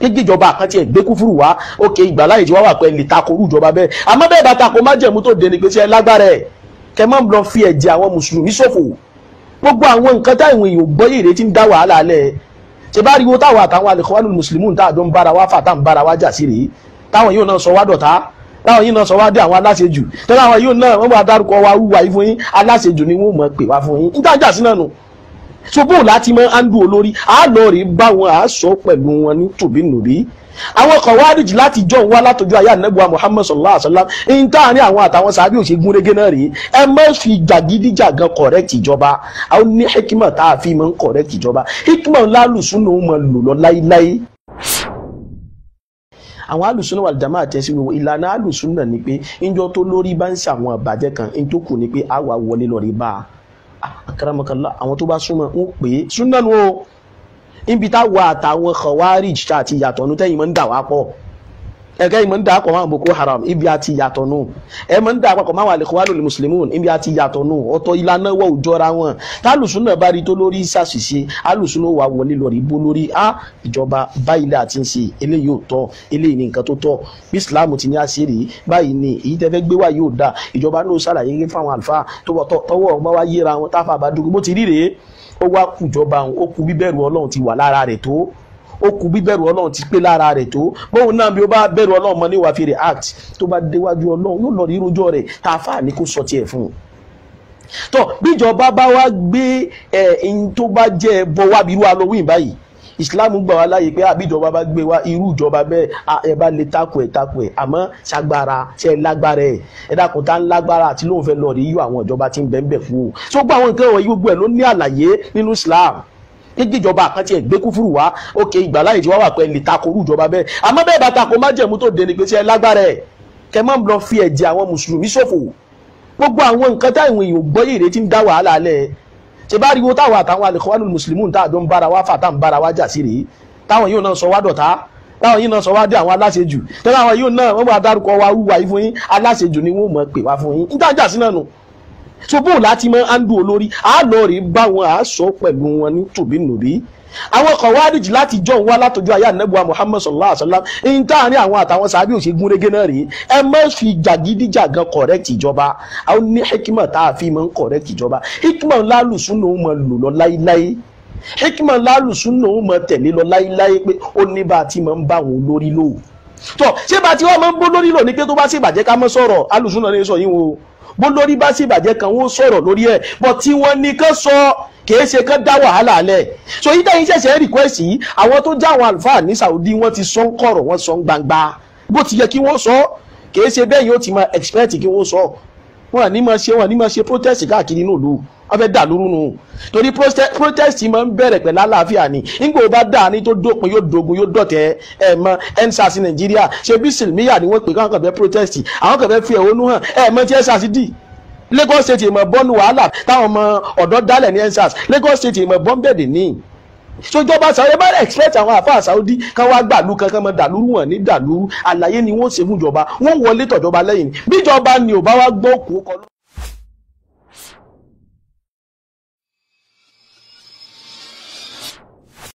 kéjì ìjọba kan tiẹ̀ gbé kúfúrú wá òkè ìgbàláyè tí wọ́n wà pẹ́ lè tako orú ìjọba bẹ́ẹ̀ àmọ́ bẹ́ẹ̀ bá tako májẹ̀mú tó dẹni gbèsè lágbára ẹ̀ kẹ́ má lọ fi ẹ̀jẹ̀ àwọn mùsùlùmí ṣòfò gbogbo àwọn nǹkan táwọn èèyàn gbọ́yè rẹ ti ń dá wàhálà alẹ́ ṣe bá riwo táwọn àtàwọn alẹ́kọ̀ọ́lù mùsùlùmí tá a jọ ń bára wá fà tá ń bára wá jà sí rèé táwọn yóò náà sọ wá dọ̀tá táwọn yìí náà sọ wá dé àwọn aláṣejù tẹ́lẹ̀ àwọn yóò náà wọ́n bá dárúkọ wa wúwa yìí fún yín aláṣejù ni wọ́n mọ̀ pè wá fún yín níta jà sí náà nù ṣùgbọ́n láti mọ andrew olórí àlọ́ rè bá wọn àásọ pẹ̀lú wọn ní tòbínúbí àwọn kọ̀wárìjì láti jọ wá látọjú ayé ànẹ́gbọ́ Muhammad sallallahu alaihi wasallam ń tá àárín àwọn àtàwọn sàábì òṣègùn rege náà rèé ẹ má fi jàgídíjàgan correct ìjọba àwọn ní hikima tá a fi máa ń correct ìjọba hikima ńlá lùsùnù máa lò lọ láíláí àwọn alùsùnà wà jàmáà tẹ́ sí wíwọ ìlànà alùsùnà ni pé ìjọ tó lórí bá ń ṣàwọn àbàjẹ́ kan ń ni pé àwa wọlé lọ rí bá a Ah, akaramakallah àwọn tó bá súnmọ́ ń pè é súnmọ́ nu o níbi táwọn àtàwọn khawarij àti ìyàtọ̀ ọ̀nù tẹ́yìn mọ́ ń dà wá pọ̀ ẹ̀kẹ́ ìmọ̀ ń da akọ̀ máwọn Boko Haram ibi àti ìyàtọ̀ nù ẹ̀ mọ̀ ń da akọ̀ máwọn Ikhwanul Muslimun ibi àti ìyàtọ̀ nù ọ̀tọ̀ ìlànà wọ̀ òjọra wọn tálùsùn náà bá rí tó lórí ṣàṣìṣe alùsùn náà wà wọlé lórí bó lórí a ìjọba báyìí là ti ń ṣe eléyìí ò tọ́ eléyìí ni nǹkan tó tọ́ bí Islam ti ní àṣírí báyìí ni èyí tẹ́fẹ́ gbé wá yóò dáa ìjọba náà ṣàlàyé fáwọn ó wá ó kù bí bẹ̀rù ọlọ́run ti pé lára rẹ̀ tó bóun náà bí ó bá bẹ̀rù ọlọ́run mọ níwà fi react tó bá déwájú ọlọ́run yóò lọ rí rojọ́ rẹ̀ àáfàá ni kò sọ tiẹ̀ fún un tọ́ bíjọba bá wá gbé ẹ̀ ẹ̀yìn tó bá jẹ́ bọ́ wábi irú halloween báyìí islam gbà wá láyè pé àbíjọba bá gbé wa irú ìjọba bẹ́ẹ̀ ẹ bá lè takò ẹ̀ takò ẹ̀ àmọ́ ṣàgbára ṣe lágbára ẹ̀ ẹ dákun tá ń lágbára àti lóun fẹ́ lọ rí yú àwọn ìjọba tí ń bẹ́ẹ̀ bẹ́ẹ̀ kú o tó gbọ́ àwọn nǹkan wọ̀nyí gbogbo ẹ̀ ló ní àlàyé nínú islam ìjọba àkántì ẹ̀ gbé kúfúrú wá òkè ìgbàláyè tí wọ́n wà pẹ́ lè takoru ìjọba bẹ́ẹ̀ àmọ́ bẹ́ẹ̀ bá tako májẹ̀mú tó dẹni pé ṣe lágbára ẹ̀ kẹ́ mọ́ lọ fi ẹ̀jẹ̀ àwọn mùsùlùmí ṣòfò gbogbo àwọn nǹkan táwọn èèyàn gbọ́yè ìrètí ń dá wàhálà alẹ́ ṣe bá ríwo táwọn àtàwọn alẹ́kọ̀ọ́nù mùsùlùmí tá àjọ ń bára wá fà tá ń bára wá jà sí rèé táwọn yóò náà sọ wá dọ̀tá táwọn yìí náà sọ wá dé àwọn aláṣejù tẹ́lẹ̀ àwọn yóò náà wọ́n bá dárúkọ wa wúwa yìí fún yín aláṣejù ni wọ́n mọ̀ pè wá fún yín ń tàjà sí náà nù so bóun láti mọ andu olórí àánú rí bá wọn à sọ pẹ̀lú wọn ní tòbínúbí àwọn kọ̀wárìjì láti jọ̀ ń wá látọjú ayé ànẹ́bùwà Muhammad sallallahu alayhi wa sallam ní táàrin àwọn àtàwọn sàbí òṣègùn rege náà rèé ẹ má fi jàgídíjàgan correct ìjọba àwọn ní hikima tá a fi máa ń correct ìjọba hikima lálùsùn ló mọ lò lọ láíláí hikima lálùsùn ló mọ tẹ̀lé lọ láíláí pé ó ní bá a ti máa ń bá àwọn olórí lò tọ́ ṣé bá ti wọ́n máa ń bó lórí lò ní pé tó bá sì bàjẹ́ ká mọ́ sọ̀rọ̀ alùsùn ní sọ yín o bó lórí bá sì bàjẹ́ kan ó sọ̀rọ̀ lórí ẹ̀ bọ́ tí wọ́n ní kán sọ kìí ṣe kán dá wàhálà alẹ́ so yídá yín ṣẹ̀ṣẹ̀ request yìí àwọn tó já àwọn àlùfáà ní Saudi wọ́n ti sọ ń kọ̀rọ̀ wọ́n sọ ń gbangba bó ti yẹ kí wọ́n sọ kìí ṣe bẹ́ẹ̀ yóò ti máa expect kí wọ́n sọ wọ́n ní máa ṣe wọ́n ní máa ṣe protest káàkiri nílùú afẹ́ dà lóru nù torí protest máa ń bẹ̀rẹ̀ pẹ̀lú àlàáfíà ni nígbà wo bá dà ní tó dópin yóò dogun yóò dọ̀tẹ̀ ẹ̀ mọ ensars nàìjíríà ṣe bí sèlmíyà ni wọ́n pè káwọn kan fẹ́ protest àwọn kan fẹ́ fi ẹ̀hónú hàn ẹ̀ mọ tí ensars dì Lagos State ìmọ̀ bọ́nu wàhálà táwọn ọmọ ọ̀dọ́ dálẹ̀ ní ensars Lagos State ìmọ̀ bọ́ńbẹ̀dẹ̀ ni, sojọba sàwọn ẹbá expect àwọn àfáà Saudi kan wá gbàlú kankan mọ dàlúrú wọn ní dàlúrú àlàyé ni wọn ṣe fúnjọba wọn wọlé tọjọba lẹ́yìn bíjọba ni ò bá wá gbọ́ kó kọ